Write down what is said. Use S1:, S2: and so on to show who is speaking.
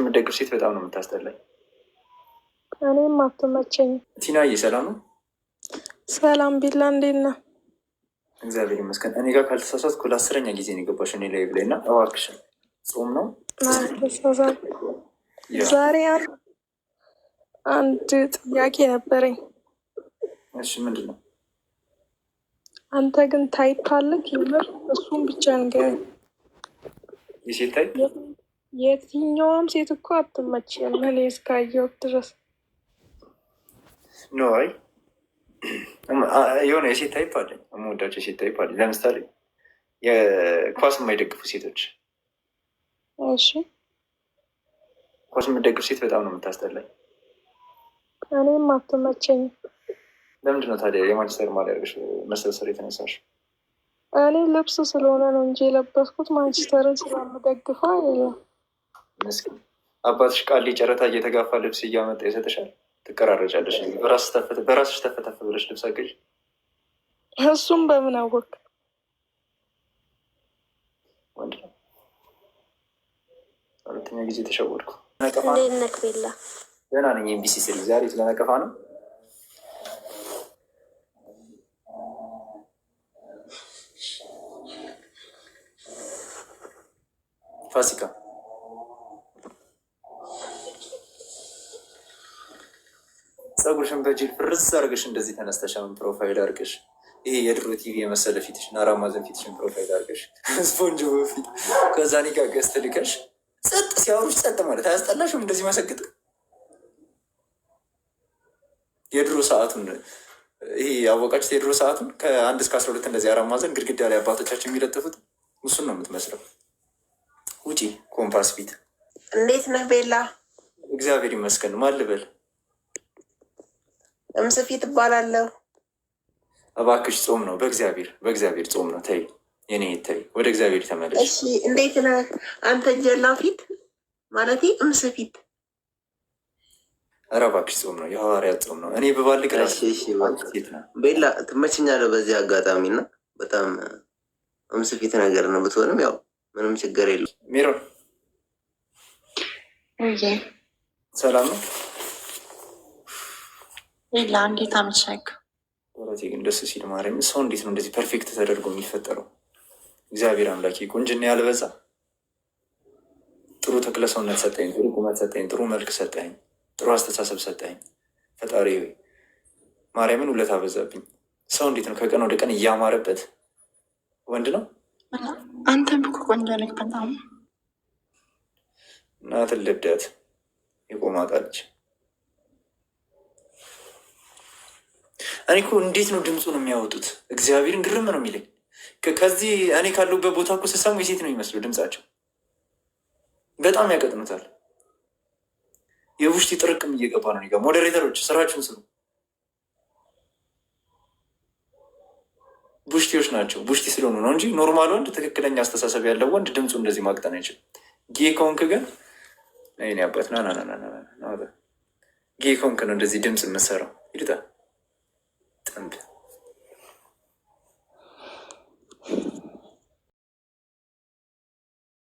S1: የምትደግፍ ሴት በጣም ነው የምታስጠላኝ።
S2: እኔም አትመቸኝም።
S1: ቲናዬ ሰላም ነው?
S2: ሰላም ቢላ፣ እንዴት ነህ?
S1: እግዚአብሔር ይመስገን። እኔ ጋር ካልተሳሳትኩ ለአስረኛ ጊዜ ነው የገባሽ እኔ ላይ ብላይ እና እባክሽን፣ ጾም ነው
S2: ዛሬ። አንድ ጥያቄ ነበረኝ። እሺ፣ ምንድን ነው? አንተ ግን ታይፕ አለህ? የምር እሱም ብቻ ንገረኝ። የሴት ታይፕ የትኛውም ሴት እኮ አትመችም። እኔ እስካየሁት ድረስ
S1: ኖይ የሆነ የሴት ታይፕ አለኝ፣ የምወዳቸው የሴት ታይፕ አለኝ። ለምሳሌ ኳስ የማይደግፉ ሴቶች። እሺ፣ ኳስ የምትደግፍ ሴት በጣም ነው የምታስጠላኝ።
S2: እኔም አትመቸኝ።
S1: ለምንድን ነው ታዲያ የማንቸስተር ማሊያ አድርገሽ መሰልሰል የተነሳሽ?
S2: እኔ ልብስ ስለሆነ ነው እንጂ የለበስኩት ማንቸስተርን ስለምደግፈው አይደለም።
S1: አባትሽ ቃል ጨረታ እየተጋፋ ልብስ እያመጣ ይሰጥሻል፣ ትቀራረጫለሽ። በራስሽ ተፈተፍ ብለሽ ልብስ አገዥ።
S2: እሱም በምን አወቅ?
S1: ሁለተኛ ጊዜ ተሸወድኩ። ደህና ነኝ። ኤምቢሲ ስሪ። ዛሬ ስለነቀፋ ነው። ፋሲካ ፀጉርሽን በጅል ፍርስ አርገሽ እንደዚህ ተነስተሻምን ፕሮፋይል አርገሽ ይሄ የድሮ ቲቪ የመሰለ ፊትሽን አራማዘን ፊትሽን ፕሮፋይል አርገሽ ስፖንጅ በፊት ከዛ ኒጋ ገዝት ልከሽ ጸጥ ሲያወሩሽ ጸጥ ማለት አያስጠላሽም? እንደዚህ መሰግጥ የድሮ ሰዓቱን ይሄ ያወቃችሁት የድሮ ሰዓቱን ከአንድ እስከ አስራ ሁለት እንደዚህ አራማዘን ግድግዳ ላይ አባቶቻችን የሚለጥፉት እሱን ነው የምትመስለው። ውጪ ኮምፓስ ፊት
S2: እንዴት ነህ ቤላ?
S1: እግዚአብሔር ይመስገን ማልበል
S2: እምስፊ ትባላለሁ።
S1: እባክሽ ጾም ነው። በእግዚአብሔር በእግዚአብሔር ጾም ነው። ተይ የኔ ተይ፣ ወደ እግዚአብሔር ተመለሽ።
S2: እሺ እንዴት ነህ አንተ? ጀላ ፊት ማለት እምስፊት።
S1: ኧረ እባክሽ ጾም ነው፣ የሐዋርያ ጾም ነው። እኔ ብባልቅ
S3: ቤላ ትመችኛለህ። በዚህ አጋጣሚ እና በጣም እምስፊት ነገር ነው። ብትሆንም ያው ምንም ችግር የለም።
S1: ሚሮን ሰላም ነው።
S2: ሌላ እንዴት አመሰግ
S1: ወላቴ ግን ደስ ሲል ማርያም፣ ሰው እንዴት ነው እንደዚህ ፐርፌክት ተደርጎ የሚፈጠረው? እግዚአብሔር አምላኬ ቁንጅና ያልበዛ ጥሩ ተክለ ሰውነት ሰጠኝ፣ ጥሩ ቁመት ሰጠኝ፣ ጥሩ መልክ ሰጠኝ፣ ጥሩ አስተሳሰብ ሰጠኝ። ፈጣሪ ማርያምን ውለታ አበዛብኝ። ሰው እንዴት ነው ከቀን ወደ ቀን እያማረበት ወንድ ነው።
S2: አንተ ብኩ ቆንጆ ነህ በጣም
S1: እናትን ልብዳት የቆማጣ ልጅ እኔ እኮ እንዴት ነው ድምፁን የሚያወጡት? እግዚአብሔርን ግርም ነው የሚለኝ። ከዚህ እኔ ካለሁበት ቦታ እኮ ስሰሙ የሴት ነው የሚመስሉ ድምፃቸው በጣም ያቀጥኑታል። የቡሽቲ ጥርቅም እየገባ ነው ጋ ሞዴሬተሮች ስራችሁን ስሩ። ቡሽቲዎች ናቸው። ቡሽቲ ስለሆኑ ነው እንጂ ኖርማል ወንድ፣ ትክክለኛ አስተሳሰብ ያለው ወንድ ድምፁ እንደዚህ ማቅጠን አይችልም። ጌ ከሆንክ ግን ይኔ አባት ጌ ከሆንክ ነው እንደዚህ ድምፅ የምሰራው ይልጣል ጥንብ